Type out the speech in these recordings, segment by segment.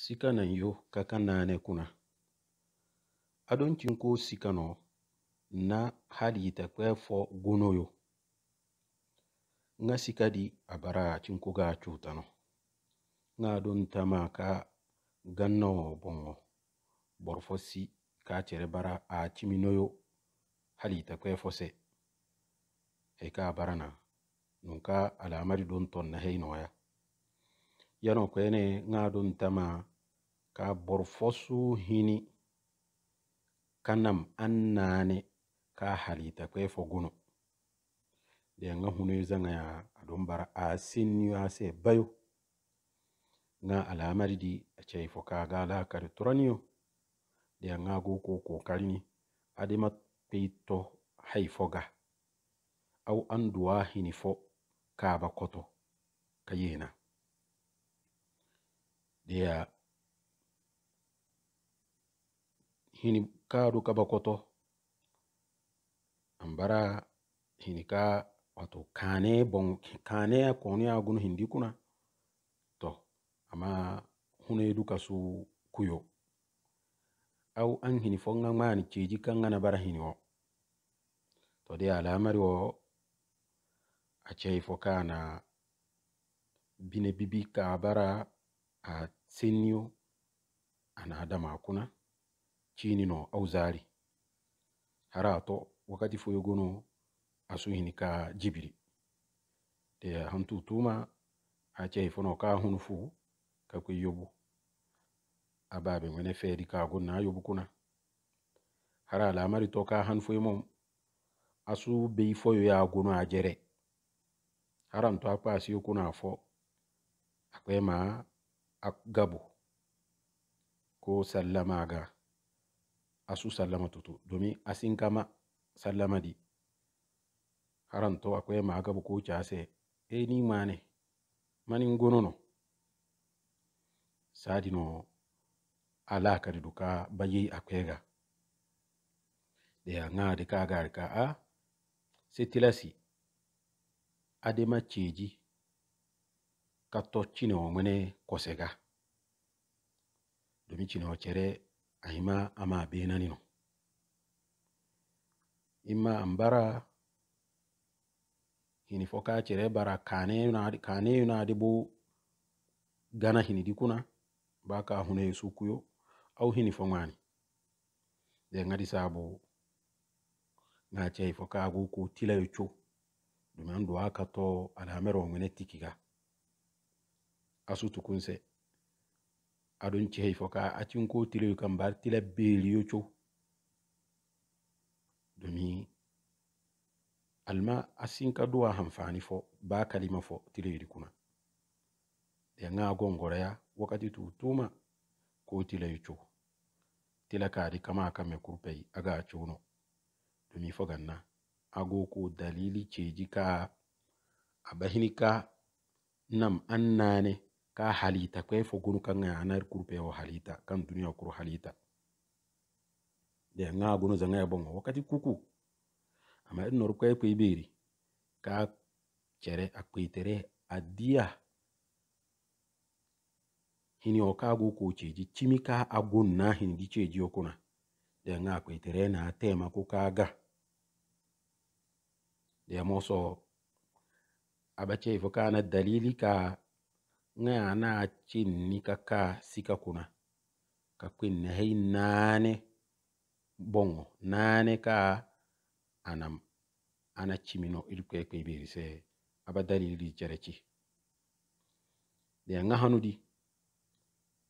sikanan yo ka ka naane kuna adon cinko sikano na hadiyita kwe fo gono yo nga sikadi abara cinko ga cutano nga adon tama ka gannawo bongo borfo si ka cere bara a cimino yo hadiyita kwe fo se he ka barana nun ka alamari don ton na heinoya yano ko ene ŋaadum tama ka borfosu hini kanam an naane ka halita ko e fo guno de ŋa hunu zaŋaya aɗum bara a sinniyo a se bayo ŋa alamari di acei fo ka gala kari turaniyo de ŋa go ko kokarini adima peito hay fo ga au an duwa hini fo kaba koto ka yena ka ya hini ka ruka bakoto ambara hini ka wato kane bon kane a koni a gunu hindi kuna to amma hune duka su kuyo au an hini fonga mani keji kanga na bara hini o to de alamari o a cei fo kana bine bibi ka bara a sennio anaadama kuna chinino au zari harato wakati foyogono asuhini ka jibiri te hantu tuma acei fono ka hunu fu kakwe yobu ababe ngwene feri ka gonna yobu kuna hara lamari to ka han foyo mom asu bei foyo ya gono ajere haranto akpa asiyo kuna fo akwe ma a gabu ko sallama ga asu sallama tutu domin a sin kama sallama di haranto akwai ma gabo ko ase e eh, ni mane manin gonono sadino alaka da duka baye akwai ga ya nga ka ga ah, a setilasi ma ceji ka toccinowo mene koseka domi cinowo cere ahima ama benanino imma ambara hini fo ka cere bara kaneyunadi bo gana hini dikuna baka hune sukuyo au hini fo ŋani de ŋadi sabo ŋa cei fo kagu ku tilayo cu dumi an duwa kato alamero mene tikiga asutu kunse aɗon cehey fo ka atinko kan kam mbar tila beeliyo co domin alma ka duwa hanfani fo ba kalima fo kuma kuna de gongora ya wakati tuma ko tileyo cow tila di kama a kurpey aga no domin fo ganna ago ko dalili ceji ka abahini nam annane ka halita ko fo gonu kan ga anar kurpe o halita kan dunia kuru halita de nga gonu zanga ya bongo wakati kuku ama ino ruko e ibiri ka chere akuitere adia hini okagu ko cheji chimika agun na hini gi cheji okuna de nga akuitere na tema kukaga de moso abache ifo kana dalili ka ne ya na ci ni kaka sika kuna ka na hei nane bongo nane ka anam ana chimino kwe kwibiri se abadari dalili cereci de nga hanudi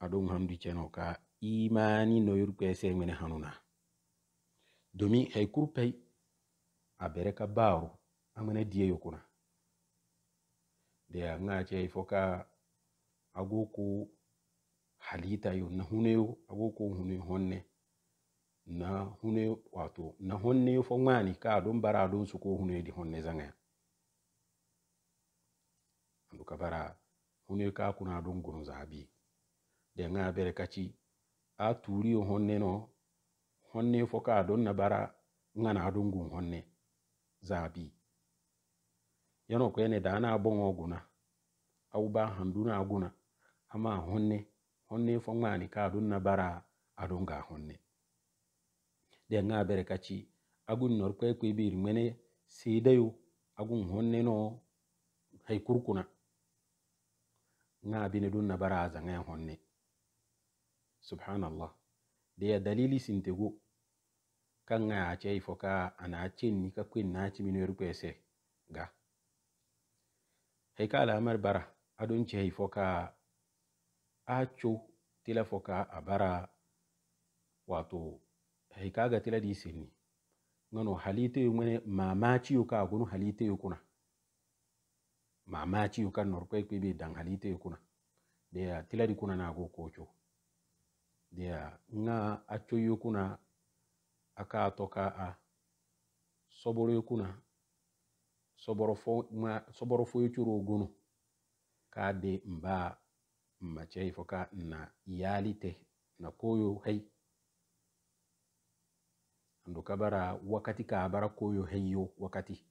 ado nga hanudi cheno ka imani no yurkuwa se ngene hanuna domi hay kurpei a bere ka baaru a ngene yokuna de nga ce foka ago ko halitta yo na huneyo ago ko hune honne na hune wato na honne fo ngani ka don bara don su ko hune di honne zanga andu ka bara hune ka kuna don gunu zabi de nga bere kaci a turi yo honne no honne fo ka don na bara na don gun honne zabi yano ko ene dana bongo guna au ba handuna guna amma honne honne fo ŋmani ka aɗum nabara aɗum ga honne de ŋabere kaci agun nor kwe kwe bir mene sidayu agun honne no hay kurkuna ŋabine ɗum nabara azaŋa honne subhanallah deya dalili sintego kan ŋa acei fo ka ana cenni ka kwen na ciminoer kwe se ga hay ka alamar bara aɗum cehi fo ka acho tila foka abara wato hikaga tila di sinni ngano halite yu ngene mamachi yu ka agunu halite yu kuna mamachi yu ka norpe kwebe dang halite yu kuna dea tila di kuna na ago kocho dea nga acho yu kuna aka atoka a soboro yu kuna soboro fo, ma, soboro fo yu churu ogunu ka de mba macei foka na yalite na koyo hay ando kabara wakati ka bara koyo hayyo wakati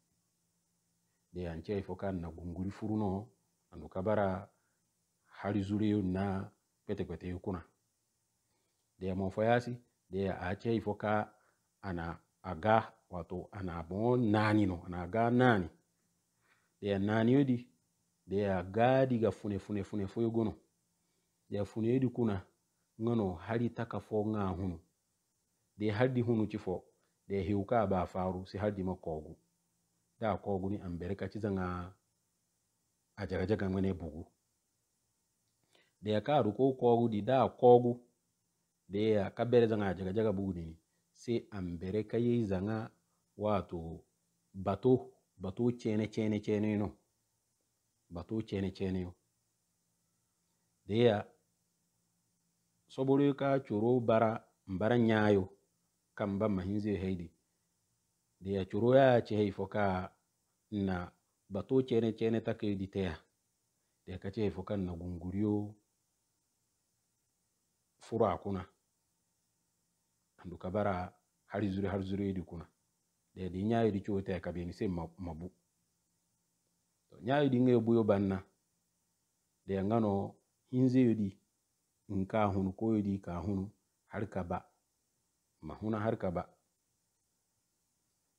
de ancei foka na gunguri furuno ando kabara hali zuleyo na kwetekweteyo yukuna de ya mofayasi de ya acei foka ana aga wato ana bon nani no ana aga nani de nani yodi de aga diga fune fune fune foyo gono yadi kuna ngano hari taka fo nga hunu de hardi hunu ci fo de hiuka ba faru si hardi ma kogu da kogu ni ambere ka ci zanga a jaga jaga ngane bugu de ka ru ko kogu di da kogu de ya ka bere zanga a jaga jaga bugu ni si ambere ka yi zanga wato bato bato cene cene cene no bato cene cene yo da ya sobori ka choro bara mbara nyayo kamba mahinze heidi de ya choro ya che hei foka na bato chene chene take ditea ya ka che foka na gunguriyo fura kuna andu kabara hari zuri hari zuri idi kuna de di nyayo di chote ka beni se mabu nyayo di ngeyo buyo banna ya ngano hinze yodi nka hunu ko koyodi ka hunu har ka ba ma huna har ka ba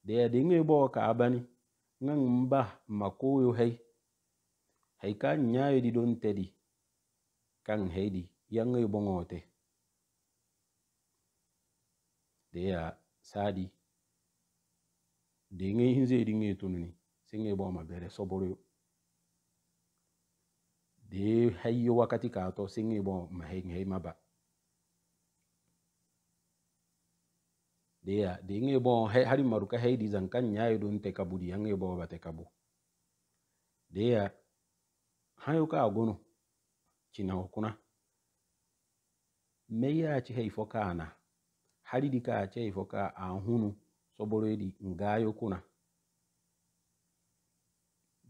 da ya dinga bo ka bani nan ba ma koyo hai hai ka nya di don tedi kan haidi yanga yo bongote da ya sadi dinga hinze dinga tununi singa bo ma bere soboro hayi wakati bo singibo hay maba de ngebo hari maruka heidi zankan nyayo don te kabu di bo ba te kabu ya hayo ka gono cina hokuna ya ci hay foka na hari di ka ci hei foka a hunu soboro di ngayo kuna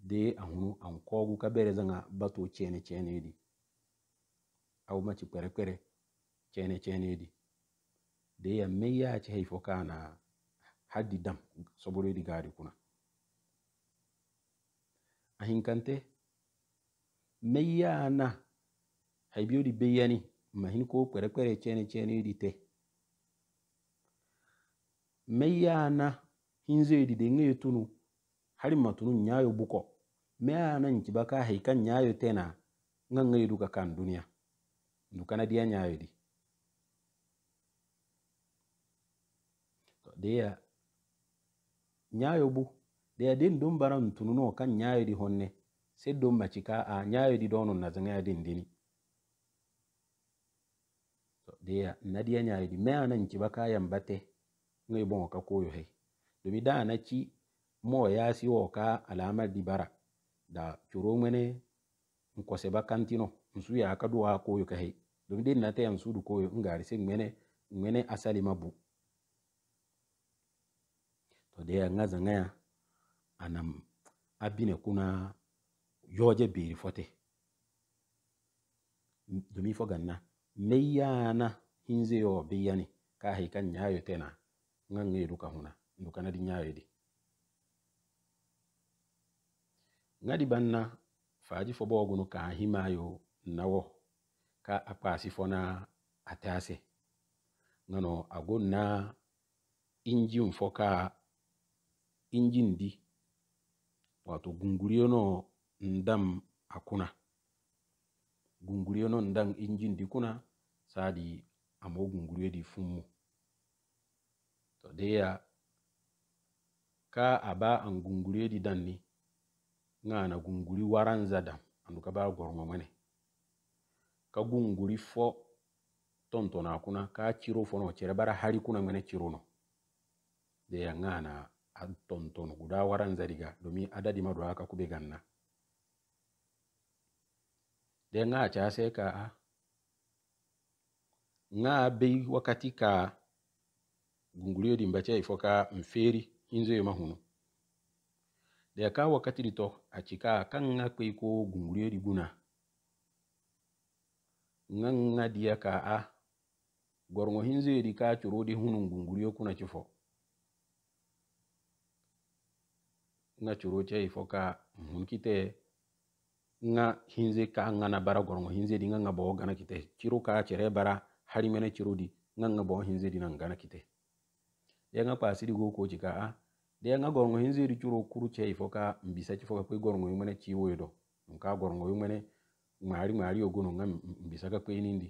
de a hunu an kogu ka bere zanga bato chene chene di au ci kwere kwere chene chene di de ya meya ci haifo kana haddi dam sobore di gari kuna ahinkante meya na haibiyo di beyani mahin ko kwere kwere chene chene di te meya na hinzo di de ngeyo tunu hari matunun nyayo buko me anan kibaka haikan nyayo tena nganga duka kan duniya nukana dia nyayo di dia nyayo bu dia din dum baran tununo kan nyayo di honne sai dum macika a nyayo di donon na zanga din dini dia na dia nyayo di me anan kibaka yambate ngai bon ka koyo hai domi da na ci mo o yaasi o ka alama dibara da curumene n koseba kantino n su ya ka duwa koyo kahe don din na ta yan su du koyo n gari se ŋmene ŋmene asali ma bu to de ya ŋa zaŋa ya anam abine kuna yoje beri fote domi fo ganna meyana hinze yo beyani ka hay kan nyaayo tena ŋa ŋa yedu ka huna ndu kana di nyaayo di ngadi banna faji fo boogunu ka himayo nawo ka fo na atase ŋano agon injin fo ka injin di wato gunguriyono ndam akuna gunguriyono ndam injin di kuna sadi amo gunguriyo di fumu to deya ka aba an gunguriyo di danni ŋana gunguli waran dam andu ka ba gorma mane ka gunguli fo tontona kuna ka ciro n'o cere bara hali kuna mane cirono de ya ŋana a tonton guda waran zadiga domin adadi madu aka kube ganna de ŋa ca se ka a ŋa be wakati ka gunguliyodin bace ifo ka mferi hinzo yo mahunu de ka wakati a cika kan na kai ko gungurie di guna ŋa diya ka a gɔrɔŋɔ hinze di ka coro di hunu gungurie kuna ci fɔ ŋa coro cɛ ka mun kite ŋa hinze ka ŋa na bara gɔrɔŋɔ hinze di ŋa ŋa bɔ gana kite ciro ka cɛrɛ bara harimɛnɛ ciro di ŋa ŋa bɔ hinze di na ŋana kite ya ŋa kpaasidi go ko cika a de nga gorongo hin zeri curo kuru chei foka mbisa chi foka kwe gorongo yumene chi woyodo nka gorgo yumene ngari ngari ogono nga mbisa ka kwe nindi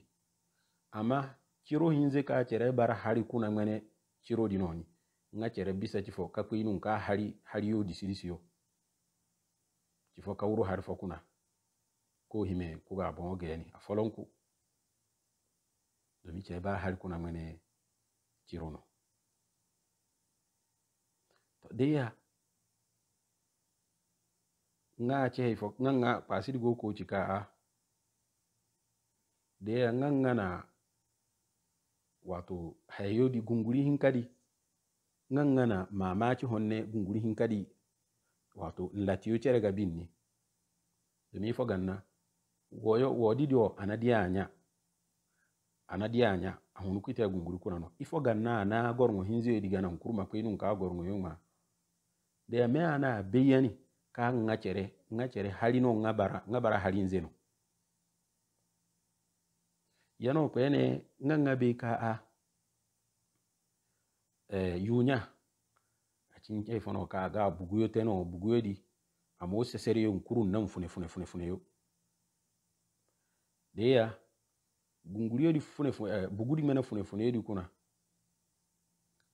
ama ciro hinze ka chere bara hari kuna mwene ciro dinoni nga chere bisa chi foka kwe inu nka hari hari yo disirisio chi foka uru hari fokuna ko hime kuga bongo geni afolonku domi chere bara hari kuna ngene cirono to de yaha ngaacehe fo ngaga pasidi go koci ka a de yaha ngagana wato hayodi gunguri hin kadi ngagana mamaci honne gunguri hin kadi wato latiyo cerega binni domi fo ganna woyo wodidi o ana di aya ana di aya ahunukuita gunguri kunano ifo ganna ana gorgo hinzeyo digana nkurumakoinunkaa gorgo yoma deya me ana beyani ka ŋa chere ŋa chere halino nga bara nga bara halin zeno yano kwene nga nga be ka a eh, yunya achinche fono ka ga buguyo teno buguyo di amo sesere yo nkuru nan fune fune fune fune yo deya gunguriyo di fune fune eh, bugudi mena fune fune yo di kuna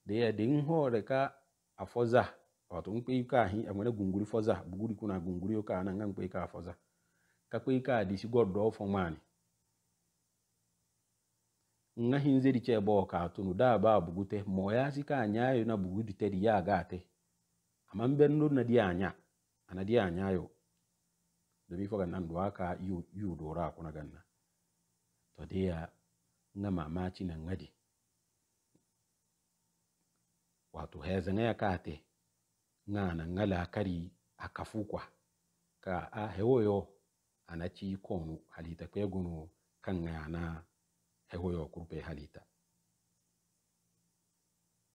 deya de hore ka afoza otukpe iko ahi enwere gunguri foza buguriku na gunguri oka na nga mkpe iko afoza kakwe iko adisigwo dọọ fọ nwaanyị nga hinze riche ebe ọka atụ na ụda daba abugute ma ọ ya sị ka anya ayo na bugudite di ya aga ate ama mbe nnu na di anya ana di anya ayo domin ifo ganna ndu aka yu dora akuna ganna to de ya nga mamaci na ngadi wato hezanga ya ka atị. Ngana ŋala kari akafukwa ka a hewoyo anachi ikonu halita kwegunu kan ŋana hewoyo kurpe halita